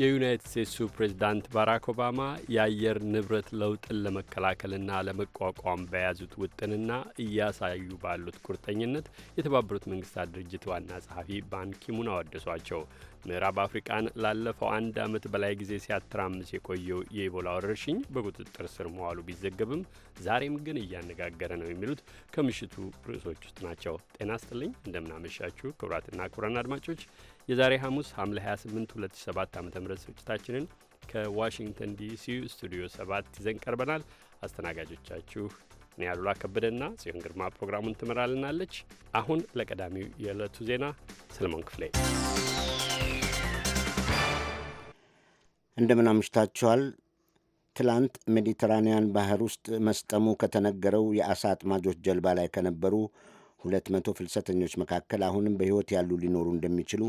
የዩናይትድ ስቴትሱ ፕሬዝዳንት ባራክ ኦባማ የአየር ንብረት ለውጥን ለመከላከልና ለመቋቋም በያዙት ውጥንና እያሳዩ ባሉት ቁርጠኝነት የተባበሩት መንግስታት ድርጅት ዋና ጸሐፊ ባንኪሙን አወደሷቸው። ምዕራብ አፍሪቃን ላለፈው አንድ ዓመት በላይ ጊዜ ሲያተራምስ የቆየው የኢቦላ ወረርሽኝ በቁጥጥር ስር መዋሉ ቢዘገብም ዛሬም ግን እያነጋገረ ነው የሚሉት ከምሽቱ ርዕሶች ውስጥ ናቸው። ጤና ስጥልኝ እንደምናመሻችሁ ክቡራትና ክቡራን አድማጮች የዛሬ ሐሙስ ሐምሌ 28 2007 ዓ ም ስርጭታችንን ከዋሽንግተን ዲሲ ስቱዲዮ 7 ይዘን ቀርበናል። አስተናጋጆቻችሁ እኔ አሉላ ከበደና ጽዮን ግርማ ፕሮግራሙን ትመራልናለች። አሁን ለቀዳሚው የዕለቱ ዜና ሰለሞን ክፍሌ እንደምን አምሽታችኋል። ትላንት ሜዲተራንያን ባህር ውስጥ መስጠሙ ከተነገረው የአሳ አጥማጆች ጀልባ ላይ ከነበሩ ሁለት መቶ ፍልሰተኞች መካከል አሁንም በሕይወት ያሉ ሊኖሩ እንደሚችሉ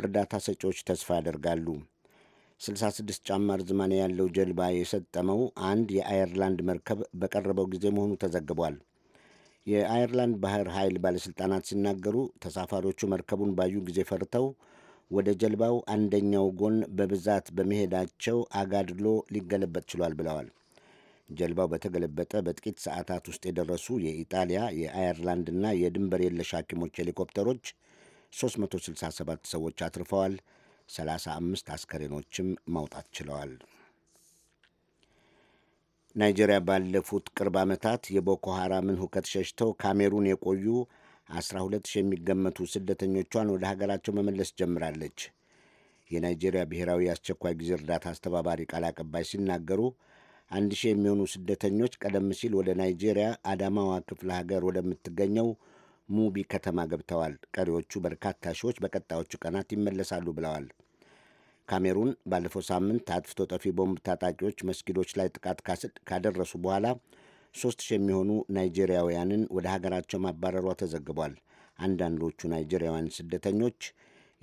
እርዳታ ሰጪዎች ተስፋ ያደርጋሉ። 66 ጫማ ርዝማኔ ያለው ጀልባ የሰጠመው አንድ የአየርላንድ መርከብ በቀረበው ጊዜ መሆኑ ተዘግቧል። የአየርላንድ ባህር ኃይል ባለሥልጣናት ሲናገሩ ተሳፋሪዎቹ መርከቡን ባዩ ጊዜ ፈርተው ወደ ጀልባው አንደኛው ጎን በብዛት በመሄዳቸው አጋድሎ ሊገለበጥ ችሏል ብለዋል። ጀልባው በተገለበጠ በጥቂት ሰዓታት ውስጥ የደረሱ የኢጣሊያ የአየርላንድና የድንበር የለሽ ሐኪሞች ሄሊኮፕተሮች 367 ሰዎች አትርፈዋል። 35 አስከሬኖችም ማውጣት ችለዋል። ናይጄሪያ ባለፉት ቅርብ ዓመታት የቦኮ ሐራምን ሁከት ሸሽተው ካሜሩን የቆዩ 120 የሚገመቱ ስደተኞቿን ወደ ሀገራቸው መመለስ ጀምራለች። የናይጄሪያ ብሔራዊ አስቸኳይ ጊዜ እርዳታ አስተባባሪ ቃል አቀባይ ሲናገሩ አንድ ሺህ የሚሆኑ ስደተኞች ቀደም ሲል ወደ ናይጄሪያ አዳማዋ ክፍለ ሀገር ወደምትገኘው ሙቢ ከተማ ገብተዋል። ቀሪዎቹ በርካታ ሺዎች በቀጣዮቹ ቀናት ይመለሳሉ ብለዋል። ካሜሩን ባለፈው ሳምንት አጥፍቶ ጠፊ ቦምብ ታጣቂዎች መስጊዶች ላይ ጥቃት ካደረሱ በኋላ ሶስት ሺህ የሚሆኑ ናይጄሪያውያንን ወደ ሀገራቸው ማባረሯ ተዘግቧል። አንዳንዶቹ ናይጄሪያውያን ስደተኞች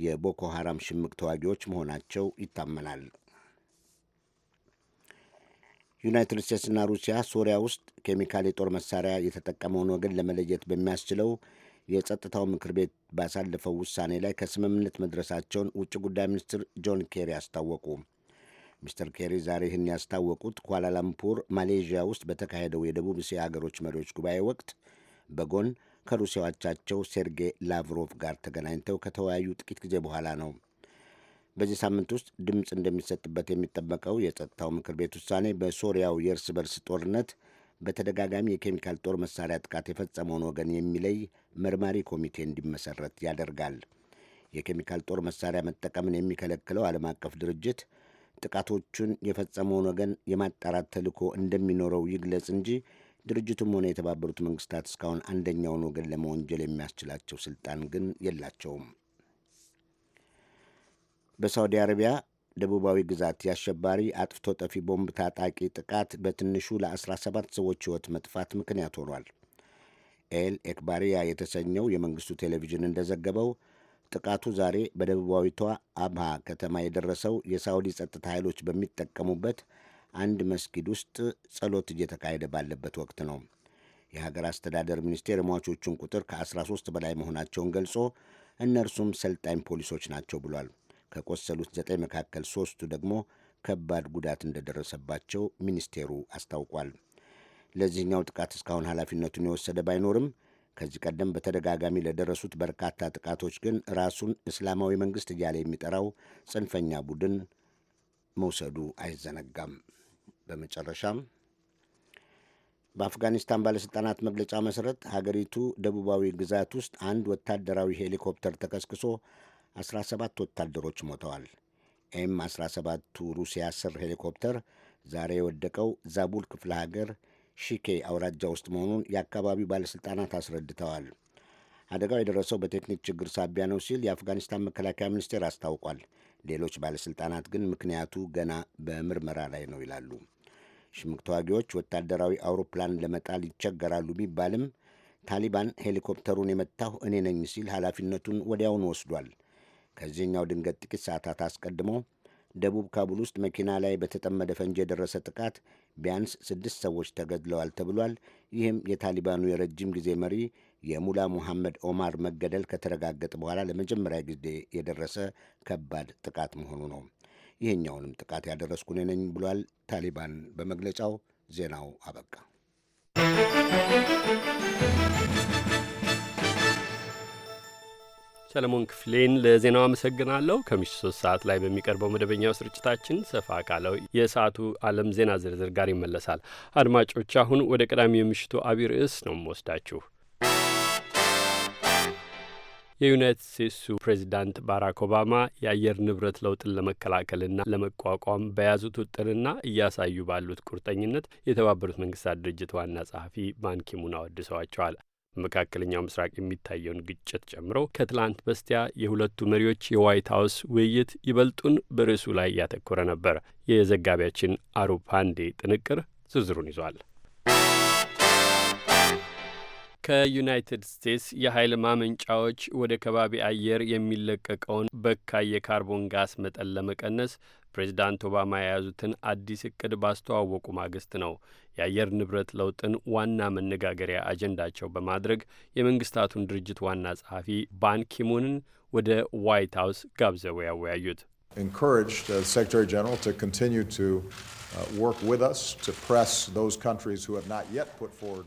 የቦኮ ሐራም ሽምቅ ተዋጊዎች መሆናቸው ይታመናል። ዩናይትድ ስቴትስና ሩሲያ ሶሪያ ውስጥ ኬሚካል የጦር መሳሪያ የተጠቀመውን ወገን ለመለየት በሚያስችለው የጸጥታው ምክር ቤት ባሳለፈው ውሳኔ ላይ ከስምምነት መድረሳቸውን ውጭ ጉዳይ ሚኒስትር ጆን ኬሪ አስታወቁ። ሚስተር ኬሪ ዛሬ ይህን ያስታወቁት ኳላላምፑር ማሌዥያ ውስጥ በተካሄደው የደቡብ እስያ ሀገሮች መሪዎች ጉባኤ ወቅት በጎን ከሩሲያዎቻቸው ሴርጌይ ላቭሮቭ ጋር ተገናኝተው ከተወያዩ ጥቂት ጊዜ በኋላ ነው። በዚህ ሳምንት ውስጥ ድምፅ እንደሚሰጥበት የሚጠበቀው የጸጥታው ምክር ቤት ውሳኔ በሶሪያው የእርስ በርስ ጦርነት በተደጋጋሚ የኬሚካል ጦር መሳሪያ ጥቃት የፈጸመውን ወገን የሚለይ መርማሪ ኮሚቴ እንዲመሰረት ያደርጋል። የኬሚካል ጦር መሳሪያ መጠቀምን የሚከለክለው ዓለም አቀፍ ድርጅት ጥቃቶቹን የፈጸመውን ወገን የማጣራት ተልዕኮ እንደሚኖረው ይግለጽ እንጂ ድርጅቱም ሆነ የተባበሩት መንግስታት እስካሁን አንደኛውን ወገን ለመወንጀል የሚያስችላቸው ስልጣን ግን የላቸውም። በሳውዲ አረቢያ ደቡባዊ ግዛት የአሸባሪ አጥፍቶ ጠፊ ቦምብ ታጣቂ ጥቃት በትንሹ ለ17 ሰዎች ሕይወት መጥፋት ምክንያት ሆኗል። ኤል ኤክባሪያ የተሰኘው የመንግሥቱ ቴሌቪዥን እንደዘገበው ጥቃቱ ዛሬ በደቡባዊቷ አብሃ ከተማ የደረሰው የሳውዲ ጸጥታ ኃይሎች በሚጠቀሙበት አንድ መስጊድ ውስጥ ጸሎት እየተካሄደ ባለበት ወቅት ነው። የሀገር አስተዳደር ሚኒስቴር የሟቾቹን ቁጥር ከ13 በላይ መሆናቸውን ገልጾ እነርሱም ሰልጣኝ ፖሊሶች ናቸው ብሏል። ከቆሰሉት ዘጠኝ መካከል ሦስቱ ደግሞ ከባድ ጉዳት እንደደረሰባቸው ሚኒስቴሩ አስታውቋል። ለዚህኛው ጥቃት እስካሁን ኃላፊነቱን የወሰደ ባይኖርም ከዚህ ቀደም በተደጋጋሚ ለደረሱት በርካታ ጥቃቶች ግን ራሱን እስላማዊ መንግስት እያለ የሚጠራው ጽንፈኛ ቡድን መውሰዱ አይዘነጋም። በመጨረሻም በአፍጋኒስታን ባለሥልጣናት መግለጫ መሠረት ሀገሪቱ ደቡባዊ ግዛት ውስጥ አንድ ወታደራዊ ሄሊኮፕተር ተከስክሶ 17 ወታደሮች ሞተዋል። ኤም 17ቱ ሩሲያ ስር ሄሊኮፕተር ዛሬ የወደቀው ዛቡል ክፍለ ሀገር ሺኬ አውራጃ ውስጥ መሆኑን የአካባቢው ባለሥልጣናት አስረድተዋል። አደጋው የደረሰው በቴክኒክ ችግር ሳቢያ ነው ሲል የአፍጋኒስታን መከላከያ ሚኒስቴር አስታውቋል። ሌሎች ባለሥልጣናት ግን ምክንያቱ ገና በምርመራ ላይ ነው ይላሉ። ሽምቅ ተዋጊዎች ወታደራዊ አውሮፕላን ለመጣል ይቸገራሉ ቢባልም ታሊባን ሄሊኮፕተሩን የመታሁ እኔ ነኝ ሲል ኃላፊነቱን ወዲያውን ወስዷል። ከዚህኛው ድንገት ጥቂት ሰዓታት አስቀድሞ ደቡብ ካቡል ውስጥ መኪና ላይ በተጠመደ ፈንጂ የደረሰ ጥቃት ቢያንስ ስድስት ሰዎች ተገድለዋል ተብሏል። ይህም የታሊባኑ የረጅም ጊዜ መሪ የሙላ ሙሐመድ ኦማር መገደል ከተረጋገጠ በኋላ ለመጀመሪያ ጊዜ የደረሰ ከባድ ጥቃት መሆኑ ነው። ይህኛውንም ጥቃት ያደረስኩ እኔ ነኝ ብሏል ታሊባን በመግለጫው። ዜናው አበቃ። ሰለሞን ክፍሌን ለዜናው አመሰግናለሁ። ከምሽቱ ሶስት ሰዓት ላይ በሚቀርበው መደበኛው ስርጭታችን ሰፋ ካለው የሰዓቱ ዓለም ዜና ዝርዝር ጋር ይመለሳል። አድማጮች፣ አሁን ወደ ቀዳሚ የምሽቱ አቢይ ርዕስ ነው የምወስዳችሁ። የዩናይትድ ስቴትሱ ፕሬዚዳንት ባራክ ኦባማ የአየር ንብረት ለውጥን ለመከላከልና ለመቋቋም በያዙት ውጥንና እያሳዩ ባሉት ቁርጠኝነት የተባበሩት መንግስታት ድርጅት ዋና ጸሐፊ ባንኪሙን አወድሰዋቸዋል። በመካከለኛው ምስራቅ የሚታየውን ግጭት ጨምሮ ከትላንት በስቲያ የሁለቱ መሪዎች የዋይት ሀውስ ውይይት ይበልጡን በርዕሱ ላይ ያተኮረ ነበር። የዘጋቢያችን አሩፓንዴ ጥንቅር ዝርዝሩን ይዟል። ከዩናይትድ ስቴትስ የኃይል ማመንጫዎች ወደ ከባቢ አየር የሚለቀቀውን በካይ የካርቦን ጋስ መጠን ለመቀነስ ፕሬዚዳንት ኦባማ የያዙትን አዲስ እቅድ ባስተዋወቁ ማግስት ነው የአየር ንብረት ለውጥን ዋና መነጋገሪያ አጀንዳቸው በማድረግ የመንግስታቱን ድርጅት ዋና ጸሐፊ ባንኪሙንን ወደ ዋይት ሀውስ ጋብዘው ያወያዩት። uh,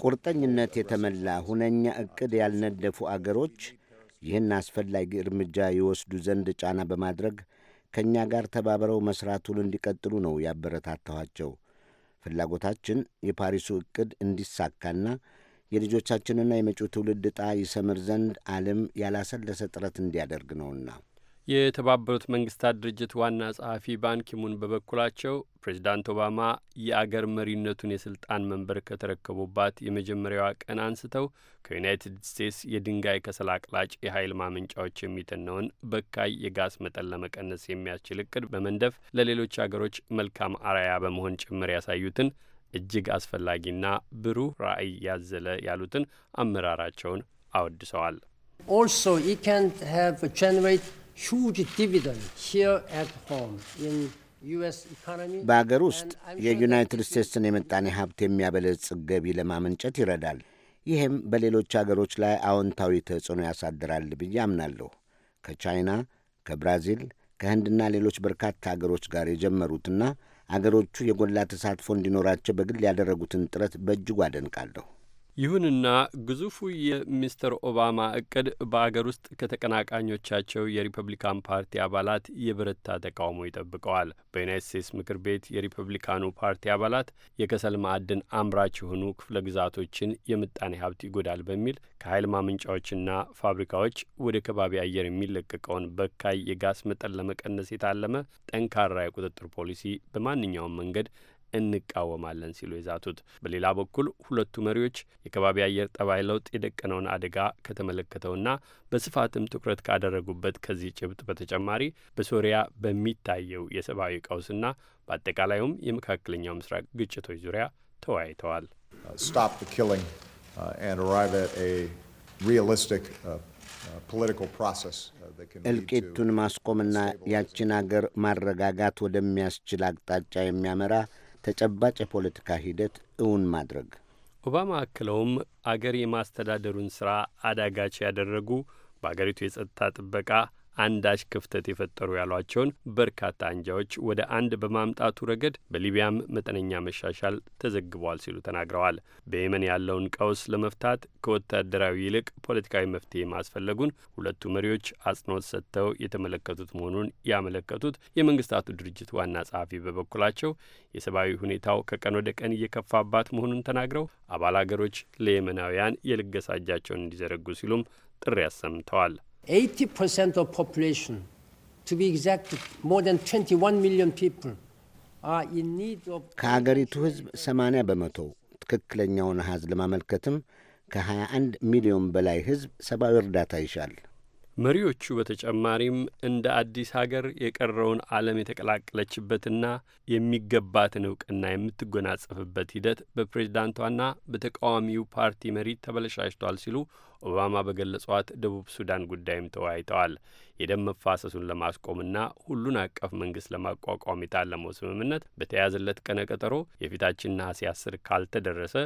ቁርጠኝነት የተመላ ሁነኛ እቅድ ያልነደፉ አገሮች ይህን አስፈላጊ እርምጃ ይወስዱ ዘንድ ጫና በማድረግ ከእኛ ጋር ተባብረው መስራቱን እንዲቀጥሉ ነው ያበረታታኋቸው። ፍላጎታችን የፓሪሱ ዕቅድ እንዲሳካና የልጆቻችንና የመጪው ትውልድ ዕጣ ይሰምር ዘንድ ዓለም ያላሰለሰ ጥረት እንዲያደርግ ነውና የተባበሩት መንግስታት ድርጅት ዋና ጸሐፊ ባንኪሙን በበኩላቸው ፕሬዚዳንት ኦባማ የአገር መሪነቱን የስልጣን መንበር ከተረከቡባት የመጀመሪያዋ ቀን አንስተው ከዩናይትድ ስቴትስ የድንጋይ ከሰል አቅላጭ የኃይል ማመንጫዎች የሚተነውን በካይ የጋዝ መጠን ለመቀነስ የሚያስችል እቅድ በመንደፍ ለሌሎች አገሮች መልካም አርያ በመሆን ጭምር ያሳዩትን እጅግ አስፈላጊና ብሩህ ራዕይ ያዘለ ያሉትን አመራራቸውን አወድሰዋል። Also, can have generate huge dividend here at home in በአገር ውስጥ የዩናይትድ ስቴትስን የምጣኔ ሀብት የሚያበለጽግ ገቢ ለማመንጨት ይረዳል። ይህም በሌሎች አገሮች ላይ አዎንታዊ ተጽዕኖ ያሳድራል ብዬ አምናለሁ። ከቻይና፣ ከብራዚል፣ ከህንድና ሌሎች በርካታ አገሮች ጋር የጀመሩትና አገሮቹ የጎላ ተሳትፎ እንዲኖራቸው በግል ያደረጉትን ጥረት በእጅጉ አደንቃለሁ። ይሁንና ግዙፉ የሚስተር ኦባማ እቅድ በአገር ውስጥ ከተቀናቃኞቻቸው የሪፐብሊካን ፓርቲ አባላት የብረታ ተቃውሞ ይጠብቀዋል። በዩናይት ስቴትስ ምክር ቤት የሪፐብሊካኑ ፓርቲ አባላት የከሰል ማዕድን አምራች የሆኑ ክፍለ ግዛቶችን የምጣኔ ሀብት ይጎዳል በሚል ከኃይል ማመንጫዎችና ፋብሪካዎች ወደ ከባቢ አየር የሚለቀቀውን በካይ የጋስ መጠን ለመቀነስ የታለመ ጠንካራ የቁጥጥር ፖሊሲ በማንኛውም መንገድ እንቃወማለን ሲሉ የዛቱት። በሌላ በኩል ሁለቱ መሪዎች የከባቢ አየር ጠባይ ለውጥ የደቀነውን አደጋ ከተመለከተውና በስፋትም ትኩረት ካደረጉበት ከዚህ ጭብጥ በተጨማሪ በሶሪያ በሚታየው የሰብአዊ ቀውስና በአጠቃላይም የመካከለኛው ምስራቅ ግጭቶች ዙሪያ ተወያይተዋል። uh, uh, uh, እልቂቱን ማስቆምና ያችን አገር ማረጋጋት ወደሚያስችል አቅጣጫ የሚያመራ ተጨባጭ የፖለቲካ ሂደት እውን ማድረግ። ኦባማ አክለውም አገር የማስተዳደሩን ስራ አዳጋች ያደረጉ በአገሪቱ የጸጥታ ጥበቃ አንዳች ክፍተት የፈጠሩ ያሏቸውን በርካታ አንጃዎች ወደ አንድ በማምጣቱ ረገድ በሊቢያም መጠነኛ መሻሻል ተዘግቧል ሲሉ ተናግረዋል። በየመን ያለውን ቀውስ ለመፍታት ከወታደራዊ ይልቅ ፖለቲካዊ መፍትሄ ማስፈለጉን ሁለቱ መሪዎች አጽንኦት ሰጥተው የተመለከቱት መሆኑን ያመለከቱት የመንግስታቱ ድርጅት ዋና ጸሐፊ በበኩላቸው የሰብአዊ ሁኔታው ከቀን ወደ ቀን እየከፋባት መሆኑን ተናግረው አባል አገሮች ለየመናውያን የልገሳ እጃቸውን እንዲዘረጉ ሲሉም ጥሪ አሰምተዋል። 80% of population, to be exact, more than 21 million people are in need of ከሀገሪቱ ሕዝብ 80 በመቶ ትክክለኛውን አሃዝ ለማመልከትም ከ21 ሚሊዮን በላይ ሕዝብ ሰብአዊ እርዳታ ይሻል። መሪዎቹ በተጨማሪም እንደ አዲስ ሀገር የቀረውን ዓለም የተቀላቀለችበትና የሚገባትን እውቅና የምትጎናጸፍበት ሂደት በፕሬዝዳንቷና በተቃዋሚው ፓርቲ መሪ ተበለሻሽቷል ሲሉ ኦባማ በገለጿት ደቡብ ሱዳን ጉዳይም ተወያይተዋል። የደም መፋሰሱን ለማስቆምና ሁሉን አቀፍ መንግስት ለማቋቋም የታለመው ስምምነት በተያዘለት ቀነ ቀጠሮ የፊታችን ነሐሴ አስር ካልተደረሰ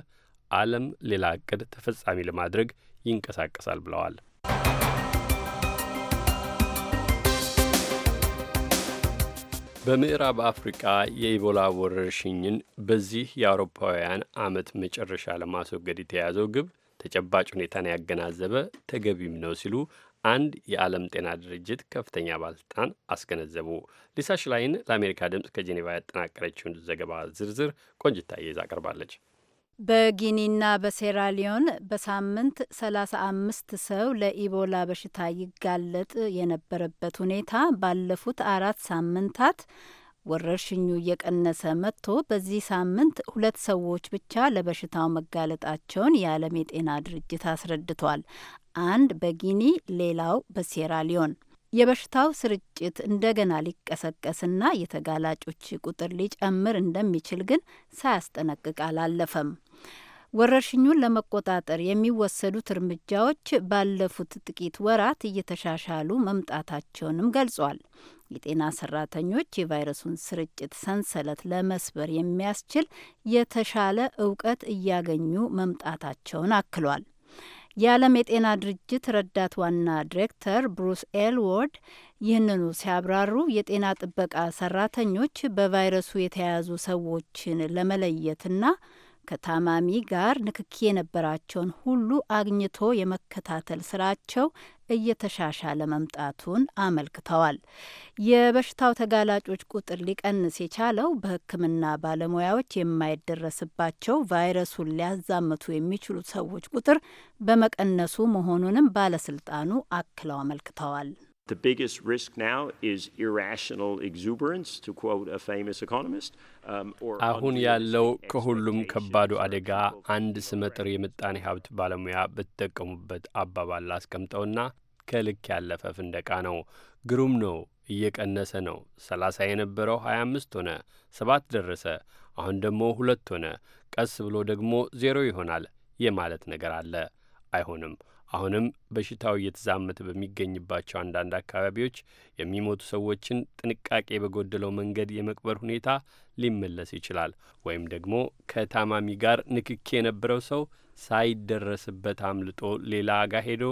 ዓለም ሌላ እቅድ ተፈጻሚ ለማድረግ ይንቀሳቀሳል ብለዋል። በምዕራብ አፍሪቃ የኢቦላ ወረርሽኝን በዚህ የአውሮፓውያን ዓመት መጨረሻ ለማስወገድ የተያዘው ግብ ተጨባጭ ሁኔታን ያገናዘበ ተገቢም ነው ሲሉ አንድ የዓለም ጤና ድርጅት ከፍተኛ ባለስልጣን አስገነዘቡ። ሊሳ ሽላይን ለአሜሪካ ድምፅ ከጄኔቫ ያጠናቀረችውን ዘገባ ዝርዝር ቆንጅታ ይዛ ቀርባለች። በጊኒና በሴራሊዮን በሳምንት 35 ሰው ለኢቦላ በሽታ ይጋለጥ የነበረበት ሁኔታ ባለፉት አራት ሳምንታት ወረርሽኙ እየቀነሰ መጥቶ በዚህ ሳምንት ሁለት ሰዎች ብቻ ለበሽታው መጋለጣቸውን የዓለም የጤና ድርጅት አስረድቷል። አንድ በጊኒ ሌላው በሴራሊዮን። የበሽታው ስርጭት እንደገና ሊቀሰቀስና የተጋላጮች ቁጥር ሊጨምር እንደሚችል ግን ሳያስጠነቅቅ አላለፈም። ወረርሽኙን ለመቆጣጠር የሚወሰዱት እርምጃዎች ባለፉት ጥቂት ወራት እየተሻሻሉ መምጣታቸውንም ገልጿል። የጤና ሰራተኞች የቫይረሱን ስርጭት ሰንሰለት ለመስበር የሚያስችል የተሻለ እውቀት እያገኙ መምጣታቸውን አክሏል። የዓለም የጤና ድርጅት ረዳት ዋና ዲሬክተር ብሩስ ኤልዎርድ ይህንኑ ሲያብራሩ የጤና ጥበቃ ሰራተኞች በቫይረሱ የተያያዙ ሰዎችን ለመለየትና ከታማሚ ጋር ንክኪ የነበራቸውን ሁሉ አግኝቶ የመከታተል ስራቸው እየተሻሻለ መምጣቱን አመልክተዋል። የበሽታው ተጋላጮች ቁጥር ሊቀንስ የቻለው በሕክምና ባለሙያዎች የማይደረስባቸው ቫይረሱን ሊያዛምቱ የሚችሉ ሰዎች ቁጥር በመቀነሱ መሆኑንም ባለስልጣኑ አክለው አመልክተዋል። The biggest risk now is irrational exuberance, to quote a famous economist. Um, አሁን ያለው ከሁሉም ከባዱ አደጋ አንድ ስመጥር የምጣኔ ሀብት ባለሙያ በተጠቀሙበት አባባል ላስቀምጠውና ከልክ ያለፈ ፍንደቃ ነው። ግሩም ነው። እየቀነሰ ነው። ሰላሳ የነበረው ሀያ አምስት ሆነ፣ ሰባት ደረሰ፣ አሁን ደግሞ ሁለት ሆነ፣ ቀስ ብሎ ደግሞ ዜሮ ይሆናል የማለት ነገር አለ። አይሆንም አሁንም በሽታው እየተዛመተ በሚገኝባቸው አንዳንድ አካባቢዎች የሚሞቱ ሰዎችን ጥንቃቄ በጎደለው መንገድ የመቅበር ሁኔታ ሊመለስ ይችላል። ወይም ደግሞ ከታማሚ ጋር ንክኪ የነበረው ሰው ሳይደረስበት አምልጦ ሌላ አጋ ሄዶ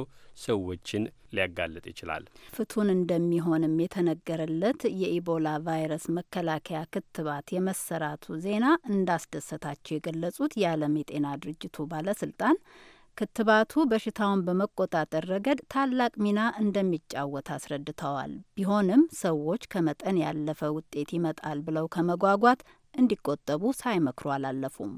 ሰዎችን ሊያጋልጥ ይችላል። ፍቱን እንደሚሆንም የተነገረለት የኢቦላ ቫይረስ መከላከያ ክትባት የመሰራቱ ዜና እንዳስደሰታቸው የገለጹት የዓለም የጤና ድርጅቱ ባለስልጣን ክትባቱ በሽታውን በመቆጣጠር ረገድ ታላቅ ሚና እንደሚጫወት አስረድተዋል። ቢሆንም ሰዎች ከመጠን ያለፈ ውጤት ይመጣል ብለው ከመጓጓት እንዲቆጠቡ ሳይመክሩ አላለፉም።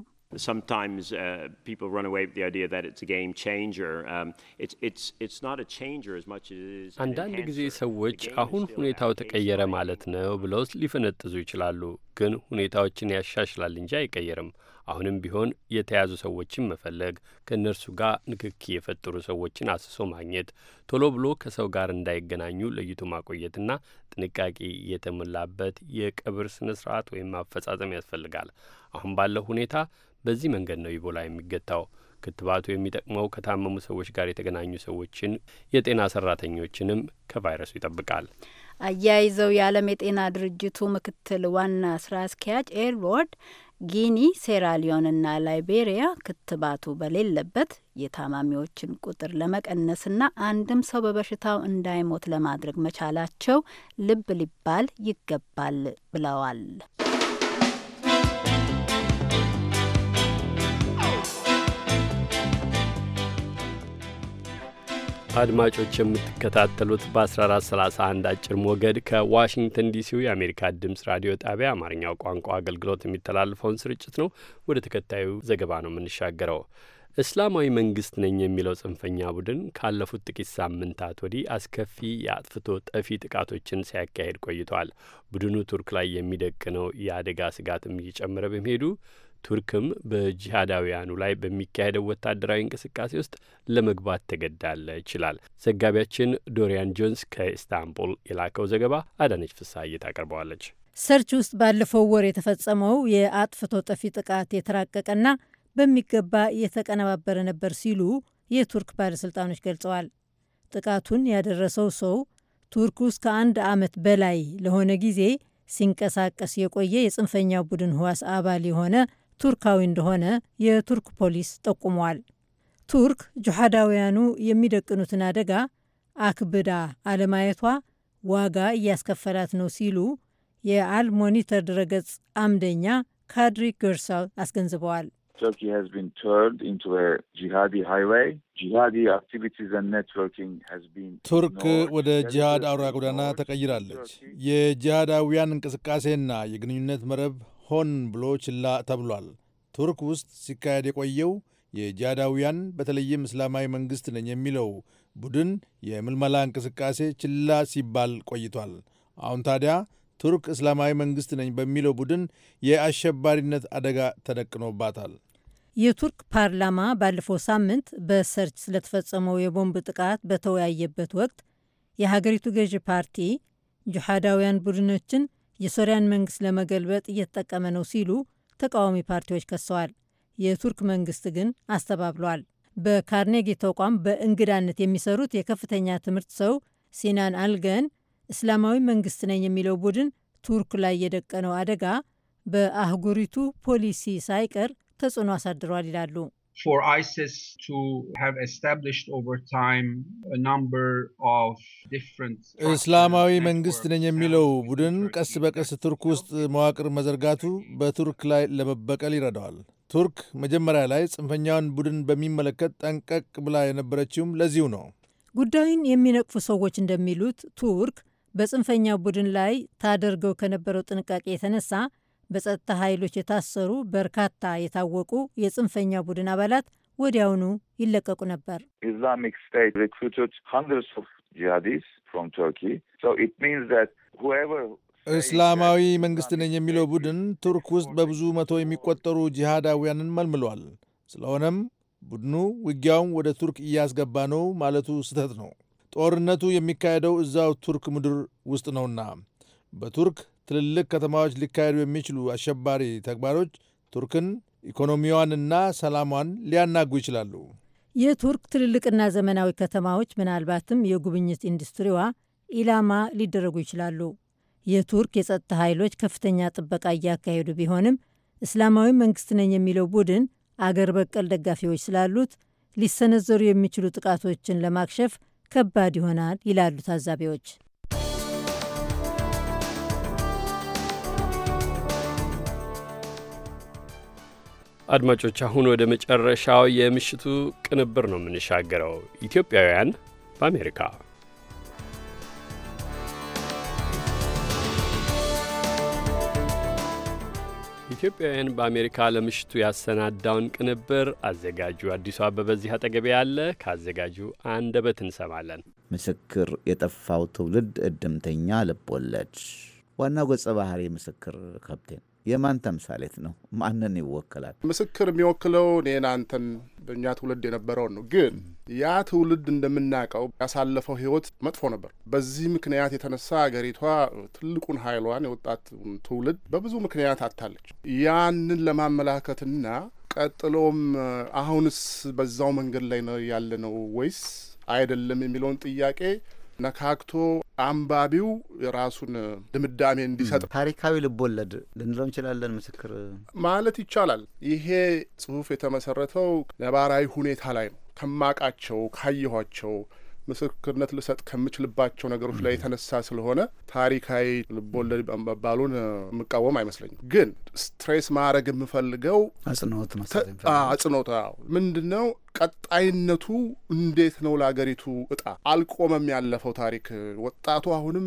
አንዳንድ ጊዜ ሰዎች አሁን ሁኔታው ተቀየረ ማለት ነው ብለው ሊፈነጥዙ ይችላሉ። ግን ሁኔታዎችን ያሻሽላል እንጂ አይቀየርም። አሁንም ቢሆን የተያዙ ሰዎችን መፈለግ፣ ከእነርሱ ጋር ንክኪ የፈጠሩ ሰዎችን አስሶ ማግኘት፣ ቶሎ ብሎ ከሰው ጋር እንዳይገናኙ ለይቱ ማቆየትና ጥንቃቄ የተሞላበት የቀብር ስነ ስርዓት ወይም አፈጻጸም ያስፈልጋል። አሁን ባለው ሁኔታ በዚህ መንገድ ነው ኢቦላ የሚገታው። ክትባቱ የሚጠቅመው ከታመሙ ሰዎች ጋር የተገናኙ ሰዎችን፣ የጤና ሰራተኞችንም ከቫይረሱ ይጠብቃል። አያይዘው የዓለም የጤና ድርጅቱ ምክትል ዋና ስራ አስኪያጅ ኤድዋርድ ጊኒ፣ ሴራሊዮንና ላይቤሪያ ክትባቱ በሌለበት የታማሚዎችን ቁጥር ለመቀነስና አንድም ሰው በበሽታው እንዳይሞት ለማድረግ መቻላቸው ልብ ሊባል ይገባል ብለዋል። አድማጮች የምትከታተሉት በ1431 አጭር ሞገድ ከዋሽንግተን ዲሲው የአሜሪካ ድምፅ ራዲዮ ጣቢያ አማርኛው ቋንቋ አገልግሎት የሚተላለፈውን ስርጭት ነው። ወደ ተከታዩ ዘገባ ነው የምንሻገረው። እስላማዊ መንግስት ነኝ የሚለው ጽንፈኛ ቡድን ካለፉት ጥቂት ሳምንታት ወዲህ አስከፊ የአጥፍቶ ጠፊ ጥቃቶችን ሲያካሄድ ቆይቷል። ቡድኑ ቱርክ ላይ የሚደቅነው የአደጋ ስጋትም እየጨመረ በመሄዱ ቱርክም በጂሃዳውያኑ ላይ በሚካሄደው ወታደራዊ እንቅስቃሴ ውስጥ ለመግባት ተገዳለ ይችላል። ዘጋቢያችን ዶሪያን ጆንስ ከኢስታንቡል የላከው ዘገባ አዳነች ፍሳሐዬ ታቀርበዋለች። ሰርች ውስጥ ባለፈው ወር የተፈጸመው የአጥፍቶ ጠፊ ጥቃት የተራቀቀና በሚገባ የተቀነባበረ ነበር ሲሉ የቱርክ ባለሥልጣኖች ገልጸዋል። ጥቃቱን ያደረሰው ሰው ቱርክ ውስጥ ከአንድ ዓመት በላይ ለሆነ ጊዜ ሲንቀሳቀስ የቆየ የጽንፈኛው ቡድን ህዋስ አባል የሆነ ቱርካዊ እንደሆነ የቱርክ ፖሊስ ጠቁሟል። ቱርክ ጁሃዳውያኑ የሚደቅኑትን አደጋ አክብዳ አለማየቷ ዋጋ እያስከፈላት ነው ሲሉ የአል ሞኒተር ድረገጽ አምደኛ ካድሪ ገርሳው አስገንዝበዋል። ቱርክ ወደ ጂሃድ አውራ ጎዳና ተቀይራለች። የጂሃዳውያን እንቅስቃሴና የግንኙነት መረብ ሆን ብሎ ችላ ተብሏል። ቱርክ ውስጥ ሲካሄድ የቆየው የጃዳውያን በተለይም እስላማዊ መንግሥት ነኝ የሚለው ቡድን የምልመላ እንቅስቃሴ ችላ ሲባል ቆይቷል። አሁን ታዲያ ቱርክ እስላማዊ መንግሥት ነኝ በሚለው ቡድን የአሸባሪነት አደጋ ተደቅኖባታል። የቱርክ ፓርላማ ባለፈው ሳምንት በሰርች ስለተፈጸመው የቦምብ ጥቃት በተወያየበት ወቅት የሀገሪቱ ገዢ ፓርቲ ጅሃዳውያን ቡድኖችን የሶሪያን መንግስት ለመገልበጥ እየተጠቀመ ነው ሲሉ ተቃዋሚ ፓርቲዎች ከሰዋል። የቱርክ መንግስት ግን አስተባብሏል። በካርኔጊ ተቋም በእንግዳነት የሚሰሩት የከፍተኛ ትምህርት ሰው ሲናን አልገን እስላማዊ መንግስት ነኝ የሚለው ቡድን ቱርክ ላይ የደቀነው አደጋ በአህጉሪቱ ፖሊሲ ሳይቀር ተጽዕኖ አሳድሯል ይላሉ። for ISIS to have established over time a number of different እስላማዊ መንግስት ነኝ የሚለው ቡድን ቀስ በቀስ ቱርክ ውስጥ መዋቅር መዘርጋቱ በቱርክ ላይ ለመበቀል ይረዳዋል። ቱርክ መጀመሪያ ላይ ጽንፈኛውን ቡድን በሚመለከት ጠንቀቅ ብላ የነበረችውም ለዚሁ ነው። ጉዳዩን የሚነቅፉ ሰዎች እንደሚሉት ቱርክ በጽንፈኛው ቡድን ላይ ታደርገው ከነበረው ጥንቃቄ የተነሳ በጸጥታ ኃይሎች የታሰሩ በርካታ የታወቁ የጽንፈኛ ቡድን አባላት ወዲያውኑ ይለቀቁ ነበር። ኢስላሚክ ስቴት ሪክሩትድ ሀንድረድስ ኦፍ ጂሃዲስት ፍሮም ቱርኪ ሶ ኢት ሚንስ ዛት ሁኤቨር እስላማዊ መንግስት ነኝ የሚለው ቡድን ቱርክ ውስጥ በብዙ መቶ የሚቆጠሩ ጂሃዳውያንን መልምሏል። ስለሆነም ቡድኑ ውጊያውን ወደ ቱርክ እያስገባ ነው ማለቱ ስህተት ነው። ጦርነቱ የሚካሄደው እዛው ቱርክ ምድር ውስጥ ነውና በቱርክ ትልልቅ ከተማዎች ሊካሄዱ የሚችሉ አሸባሪ ተግባሮች ቱርክን ኢኮኖሚዋንና ሰላሟን ሊያናጉ ይችላሉ። የቱርክ ትልልቅና ዘመናዊ ከተማዎች ምናልባትም የጉብኝት ኢንዱስትሪዋ ኢላማ ሊደረጉ ይችላሉ። የቱርክ የጸጥታ ኃይሎች ከፍተኛ ጥበቃ እያካሄዱ ቢሆንም እስላማዊ መንግስት ነኝ የሚለው ቡድን አገር በቀል ደጋፊዎች ስላሉት ሊሰነዘሩ የሚችሉ ጥቃቶችን ለማክሸፍ ከባድ ይሆናል ይላሉ ታዛቢዎች። አድማጮች አሁን ወደ መጨረሻው የምሽቱ ቅንብር ነው የምንሻገረው። ኢትዮጵያውያን በአሜሪካ ኢትዮጵያውያን በአሜሪካ ለምሽቱ ያሰናዳውን ቅንብር አዘጋጁ አዲሱ አበበ በዚህ አጠገቤ ያለ ከአዘጋጁ አንደበት እንሰማለን። ምስክር የጠፋው ትውልድ እድምተኛ ልብ ወለድ ዋናው ገጸ ባህሪ ምስክር ከብቴን የማን ተምሳሌት ነው? ማንን ይወክላል? ምስክር የሚወክለው እኔን፣ አንተን፣ በእኛ ትውልድ የነበረውን ነው። ግን ያ ትውልድ እንደምናውቀው ያሳለፈው ህይወት መጥፎ ነበር። በዚህ ምክንያት የተነሳ አገሪቷ ትልቁን ኃይሏን የወጣት ትውልድ በብዙ ምክንያት አታለች። ያንን ለማመላከትና ቀጥሎም አሁንስ በዛው መንገድ ላይ ነው ወይስ አይደለም የሚለውን ጥያቄ ነካክቶ አንባቢው የራሱን ድምዳሜ እንዲሰጥ ታሪካዊ ልቦለድ ልንለው እንችላለን። ምስክር ማለት ይቻላል። ይሄ ጽሁፍ የተመሰረተው ነባራዊ ሁኔታ ላይ ነው። ከማቃቸው ካየኋቸው ምስክርነት ልሰጥ ከምችልባቸው ነገሮች ላይ የተነሳ ስለሆነ ታሪካዊ ልቦለድ መባሉን የምቃወም አይመስለኝም። ግን ስትሬስ ማድረግ የምፈልገው አጽንኦት አጽንኦት ምንድን ነው ቀጣይነቱ እንዴት ነው? ለአገሪቱ እጣ አልቆመም። ያለፈው ታሪክ ወጣቱ አሁንም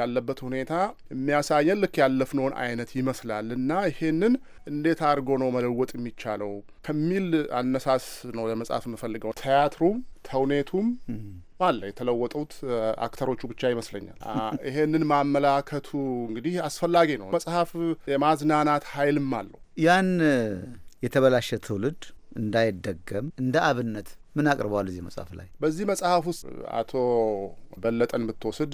ያለበት ሁኔታ የሚያሳየን ልክ ያለፍነውን አይነት ይመስላል እና ይሄንን እንዴት አድርጎ ነው መለወጥ የሚቻለው ከሚል አነሳስ ነው ለመጻፍ የምፈልገው። ቲያትሩም ተውኔቱም አለ የተለወጡት አክተሮቹ ብቻ ይመስለኛል። ይሄንን ማመላከቱ እንግዲህ አስፈላጊ ነው። መጽሐፍ የማዝናናት ኃይልም አለው። ያን የተበላሸ ትውልድ እንዳይደገም እንደ አብነት ምን አቅርበዋል እዚህ መጽሐፍ ላይ? በዚህ መጽሐፍ ውስጥ አቶ በለጠን ብትወስድ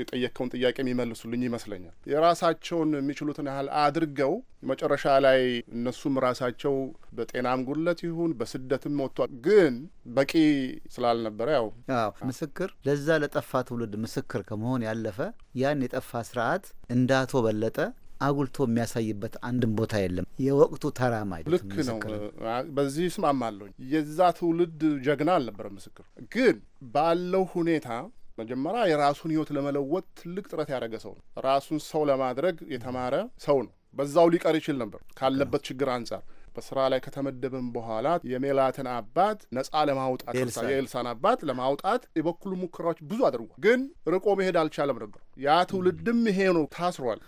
የጠየቅከውን ጥያቄ የሚመልሱልኝ ይመስለኛል። የራሳቸውን የሚችሉትን ያህል አድርገው መጨረሻ ላይ እነሱም ራሳቸው በጤናም ጉድለት ይሁን በስደትም ወጥቷል፣ ግን በቂ ስላልነበረ ያው ምስክር ለዛ ለጠፋ ትውልድ ምስክር ከመሆን ያለፈ ያን የጠፋ ስርዓት እንደ አቶ በለጠ አጉልቶ የሚያሳይበት አንድም ቦታ የለም። የወቅቱ ተራማጅ ልክ ነው። በዚህ እስማማለሁ። የዛ ትውልድ ጀግና አልነበረ ምስክር ግን ባለው ሁኔታ መጀመሪያ የራሱን ህይወት ለመለወጥ ትልቅ ጥረት ያደረገ ሰው ነው። ራሱን ሰው ለማድረግ የተማረ ሰው ነው። በዛው ሊቀር ይችል ነበር ካለበት ችግር አንጻር በስራ ላይ ከተመደብን በኋላ የሜላትን አባት ነጻ ለማውጣት የኤልሳን አባት ለማውጣት የበኩሉ ሙከራዎች ብዙ አድርጓል፣ ግን ርቆ መሄድ አልቻለም ነበር። ያ ትውልድም ይሄ ነው፣ ታስሯል።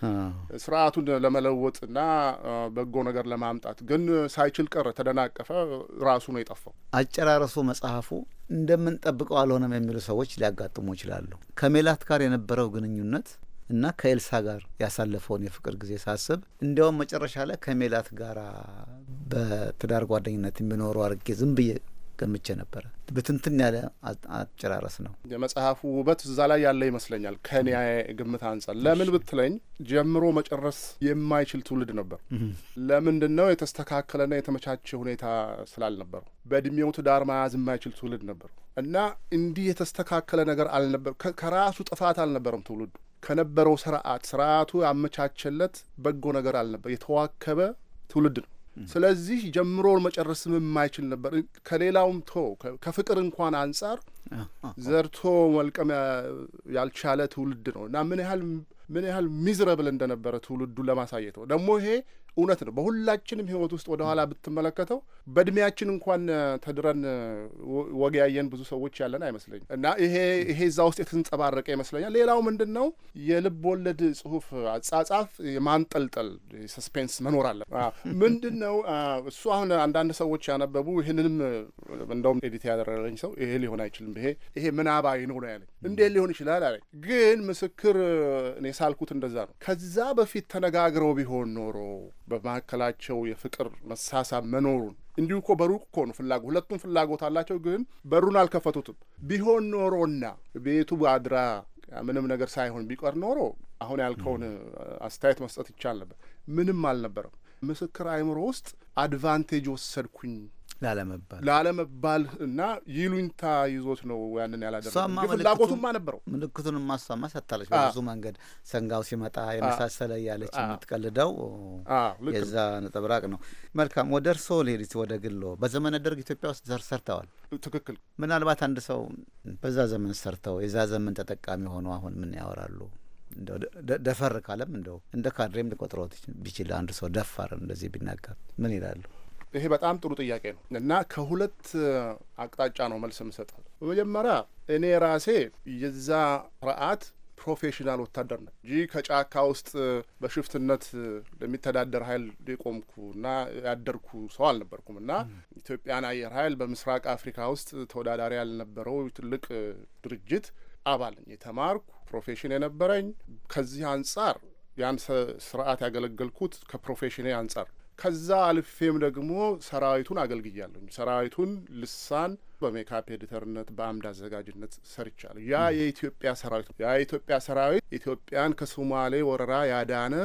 ስርዓቱን ለመለወጥና በጎ ነገር ለማምጣት ግን ሳይችል ቀረ፣ ተደናቀፈ። ራሱ ነው የጠፋው። አጨራረሱ መጽሐፉ እንደምንጠብቀው አልሆነም የሚሉ ሰዎች ሊያጋጥሙ ይችላሉ። ከሜላት ጋር የነበረው ግንኙነት እና ከኤልሳ ጋር ያሳለፈውን የፍቅር ጊዜ ሳስብ እንዲያውም መጨረሻ ላይ ከሜላት ጋር በትዳር ጓደኝነት የሚኖሩ አድርጌ ዝም ብዬ ገምቼ ነበረ። ብትንትን ያለ አጨራረስ ነው። የመጽሐፉ ውበት እዛ ላይ ያለ ይመስለኛል። ከኔ ግምት አንጻር ለምን ብትለኝ ጀምሮ መጨረስ የማይችል ትውልድ ነበር። ለምንድን ነው? የተስተካከለና የተመቻቸ ሁኔታ ስላልነበረው በእድሜው ትዳር መያዝ የማይችል ትውልድ ነበር እና እንዲህ የተስተካከለ ነገር አልነበር። ከራሱ ጥፋት አልነበረም ትውልዱ ከነበረው ስርዓት ስርዓቱ ያመቻቸለት በጎ ነገር አልነበር። የተዋከበ ትውልድ ነው። ስለዚህ ጀምሮ መጨረስም የማይችል ነበር። ከሌላውም ቶ ከፍቅር እንኳን አንጻር ዘርቶ መልቀም ያልቻለ ትውልድ ነው እና ምን ያህል ምን ያህል ሚዝረብል እንደነበረ ትውልዱ ለማሳየት ነው ደግሞ ይሄ እውነት ነው። በሁላችንም ህይወት ውስጥ ወደኋላ ብትመለከተው በእድሜያችን እንኳን ተድረን ወግ ያየን ብዙ ሰዎች ያለን አይመስለኝም እና ይሄ ይሄ እዛ ውስጥ የተንጸባረቀ ይመስለኛል። ሌላው ምንድን ነው የልብ ወለድ ጽሁፍ አጻጻፍ የማንጠልጠል ሰስፔንስ መኖር አለ። ምንድን ነው እሱ አሁን አንዳንድ ሰዎች ያነበቡ ይህንንም እንደውም ኤዲት ያደረገልኝ ሰው ይሄ ሊሆን አይችልም፣ ይሄ ይሄ ምናባ ይኖረ ያለኝ። እንዴት ሊሆን ይችላል አለኝ። ግን ምስክር እኔ ሳልኩት እንደዛ ነው። ከዛ በፊት ተነጋግረው ቢሆን ኖሮ በመካከላቸው የፍቅር መሳሳብ መኖሩን እንዲሁ እኮ በሩቅ እኮ ነው ፍላጎ ሁለቱም ፍላጎት አላቸው፣ ግን በሩን አልከፈቱትም። ቢሆን ኖሮና ቤቱ አድራ ምንም ነገር ሳይሆን ቢቀር ኖሮ አሁን ያልከውን አስተያየት መስጠት ይቻል ነበር። ምንም አልነበረም። ምስክር አእምሮ ውስጥ አድቫንቴጅ ወሰድኩኝ ላለመባል ላለመባል እና ይሉኝታ ይዞት ነው ያንን ያላደረገ ፍላጎቱማ ነበረው። ምልክቱን ማሳማ ሰጥታለች በብዙ መንገድ ሰንጋው ሲመጣ የመሳሰለ እያለች የምትቀልደው የዛ ነጠብራቅ ነው። መልካም ወደ እርስዎ ልሄድ፣ ወደ ግሎ በዘመነ ደርግ ኢትዮጵያ ውስጥ ዘር ሰርተዋል። ትክክል። ምናልባት አንድ ሰው በዛ ዘመን ሰርተው የዛ ዘመን ተጠቃሚ ሆኖ አሁን ምን ያወራሉ? ደፈር ካለም እንደው እንደ ካድሬም ሊቆጥረው ቢችል አንድ ሰው ደፋር እንደዚህ ቢናገር ምን ይላሉ? ይሄ በጣም ጥሩ ጥያቄ ነው እና ከሁለት አቅጣጫ ነው መልስ የምሰጠው። በመጀመሪያ እኔ ራሴ የዛ ስርዓት ፕሮፌሽናል ወታደር ነው እንጂ ከጫካ ውስጥ በሽፍትነት ለሚተዳደር ኃይል የቆምኩ እና ያደርኩ ሰው አልነበርኩም እና ኢትዮጵያን አየር ኃይል በምስራቅ አፍሪካ ውስጥ ተወዳዳሪ ያልነበረው ትልቅ ድርጅት አባል ነኝ። የተማርኩ ፕሮፌሽን የነበረኝ ከዚህ አንጻር ያን ስርዓት ያገለገልኩት ከፕሮፌሽኔ አንጻር ከዛ አልፌም ደግሞ ሰራዊቱን አገልግያለሁ። ሰራዊቱን ልሳን በሜካፕ ኤዲተርነት በአምድ አዘጋጅነት ሰርቻለሁ። ያ የኢትዮጵያ ሰራዊት ያ የኢትዮጵያ ሰራዊት ኢትዮጵያን ከሶማሌ ወረራ ያዳነ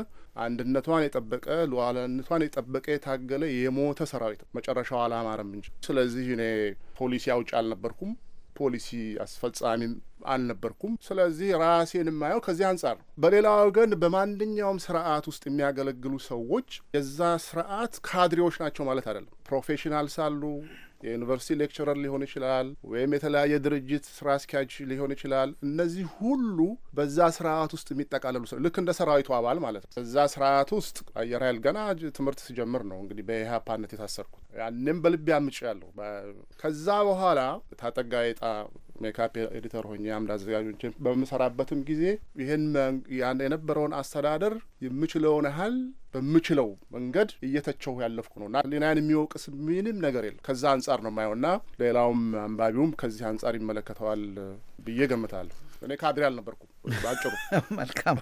አንድነቷን የጠበቀ ሉዓላዊነቷን የጠበቀ የታገለ የሞተ ሰራዊት መጨረሻው አላማረም እንጂ። ስለዚህ እኔ ፖሊሲ አውጭ አልነበርኩም፣ ፖሊሲ አስፈጻሚም አልነበርኩም። ስለዚህ ራሴን የማየው ከዚህ አንጻር ነው። በሌላ ወገን በማንኛውም ስርዓት ውስጥ የሚያገለግሉ ሰዎች የዛ ስርዓት ካድሬዎች ናቸው ማለት አይደለም። ፕሮፌሽናልስ አሉ። የዩኒቨርሲቲ ሌክቸረር ሊሆን ይችላል፣ ወይም የተለያየ ድርጅት ስራ አስኪያጅ ሊሆን ይችላል። እነዚህ ሁሉ በዛ ስርዓት ውስጥ የሚጠቃለሉ ሰው ልክ እንደ ሰራዊቱ አባል ማለት ነው። እዛ ስርዓት ውስጥ አየር ኃይል ገና ትምህርት ሲጀምር ነው እንግዲህ በኢህአፓነት የታሰርኩት። ያንም በልቤ አምጭ ያለው ከዛ በኋላ ታጠጋ የጣ ሜካፕ ኤዲተር ሆኜ አምድ አዘጋጆችን በምሰራበትም ጊዜ ይህን የነበረውን አስተዳደር የምችለውን ያህል በምችለው መንገድ እየተቸው ያለፍኩ ነው እና ሌናን የሚወቅስ ምንም ነገር የለም። ከዛ አንጻር ነው የማየው እና ሌላውም አንባቢውም ከዚህ አንጻር ይመለከተዋል ብዬ ገምታለሁ። እኔ ካድሬ አልነበርኩም በአጭሩ። መልካም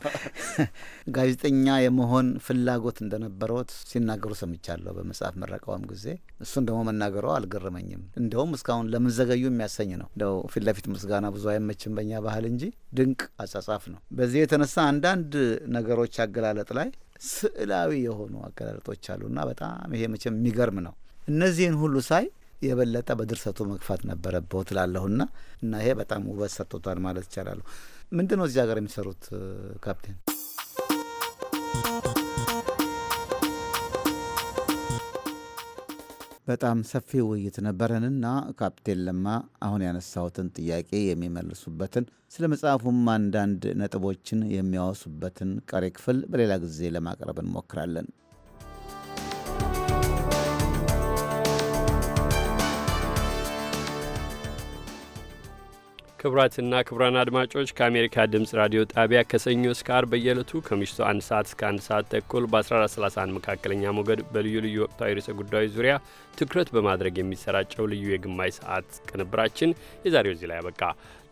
ጋዜጠኛ የመሆን ፍላጎት እንደነበረዎት ሲናገሩ ሰምቻለሁ። በመጽሐፍ ምረቃውም ጊዜ እሱን ደግሞ መናገረው አልገረመኝም። እንደውም እስካሁን ለምን ዘገዩ የሚያሰኝ ነው። እንደው ፊት ለፊት ምስጋና ብዙ አይመችም በእኛ ባህል እንጂ ድንቅ አጻጻፍ ነው። በዚህ የተነሳ አንዳንድ ነገሮች አገላለጥ ላይ ስዕላዊ የሆኑ አገላለጦች አሉና በጣም ይሄ መቼም የሚገርም ነው። እነዚህን ሁሉ ሳይ የበለጠ በድርሰቱ መግፋት ነበረብህ ትላለሁና እና ይሄ በጣም ውበት ሰጥቶታል ማለት ይቻላሉ። ምንድን ነው እዚህ ሀገር የሚሰሩት ካፕቴን? በጣም ሰፊ ውይይት ነበረንና ካፕቴን ለማ አሁን ያነሳሁትን ጥያቄ የሚመልሱበትን ስለ መጽሐፉም አንዳንድ ነጥቦችን የሚያወሱበትን ቀሪ ክፍል በሌላ ጊዜ ለማቅረብ እንሞክራለን። ክቡራትና ክቡራን አድማጮች ከአሜሪካ ድምፅ ራዲዮ ጣቢያ ከሰኞ እስከ አርብ በየዕለቱ ከምሽቱ አንድ ሰዓት እስከ አንድ ሰዓት ተኩል በ1431 መካከለኛ ሞገድ በልዩ ልዩ ወቅታዊ ርዕሰ ጉዳዮች ዙሪያ ትኩረት በማድረግ የሚሰራጨው ልዩ የግማሽ ሰዓት ቅንብራችን የዛሬው እዚህ ላይ አበቃ።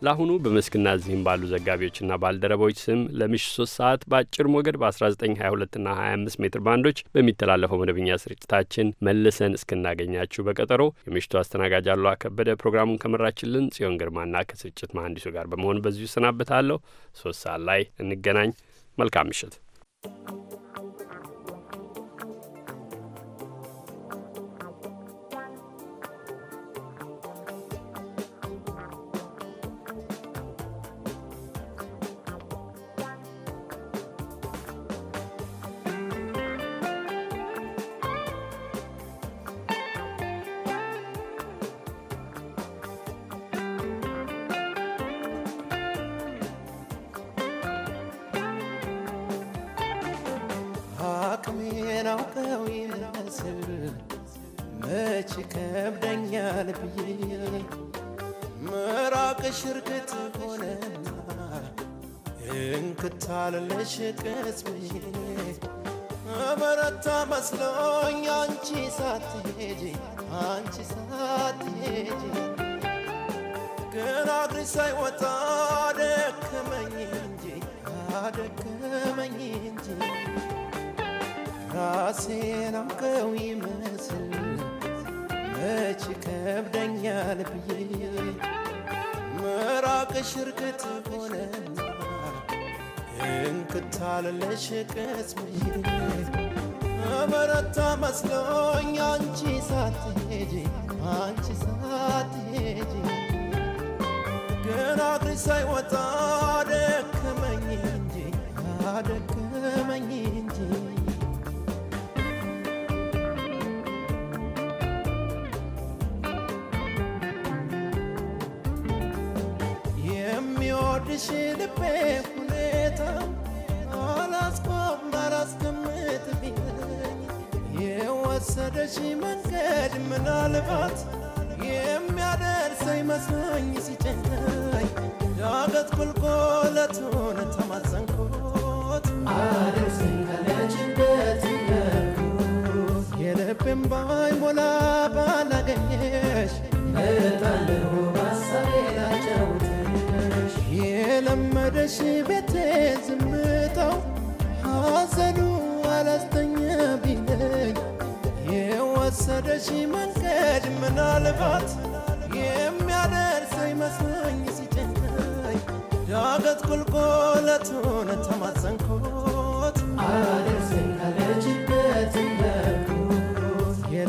ለአሁኑ በመስክና እዚህም ባሉ ዘጋቢዎችና ባልደረቦች ስም ለምሽ ሶስት ሰዓት በአጭር ሞገድ በ1922ና 25 ሜትር ባንዶች በሚተላለፈው መደበኛ ስርጭታችን መልሰን እስክናገኛችሁ በቀጠሮ የምሽቱ አስተናጋጅ አሉ ከበደ ፕሮግራሙን ከመራችልን ጽዮን ግርማና ከስርጭት መሐንዲሱ ጋር በመሆን በዚሁ እሰናበታለሁ። ሶስት ሰዓት ላይ እንገናኝ። መልካም ምሽት። ግን ሳይወጣ አደከመኝ እንጂ አደከመኝ እንጂ ራሴን አውቀው ይመስል መች ከብደኛል ብዬ ምራቅሽ እርግጥ ሆነና እንክታለለሽ መስሎኝ አንቺ ሳትሄጂ አንቺ ሳ ተከራክሪ ሳይወጣ ደከመኝ እንጂ አደከመኝ እንጂ የሚወድሽ ልቤ ሁኔታ አላስቆም ላላስቀምጥ ቢለኝ የወሰደሽ መንገድ ምናልባት የሚያደርሰኝ መስሎኝ ሲጨንቀኝ ዳገት ቁልቁለቱን ተማጸንኩት። አደርሰኝ ካለችበት ያልኩት የልቤን ባይሞላ ባላገኘሽ እመጣለሁ ባሳቤ ላጫውትሽ የለመደሽ ቤቴ ዝምታው ሐዘኑ አላስተኛ ቢለኝ ወሰደሽ መንገድ ምናልባት የሚያደርሰኝ መስሎኝ ሲጨንቀኝ ዳገት ቁልቁለቱን ተማጸንኩት አደርሰኝ ካለችበት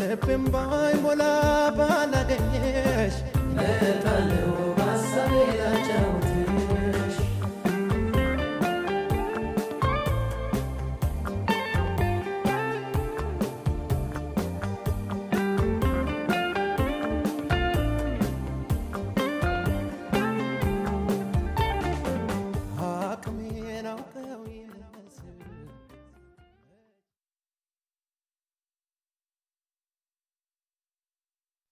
ለኩት ባላገኘሽ መጣለው ባሳቤ ላጫውት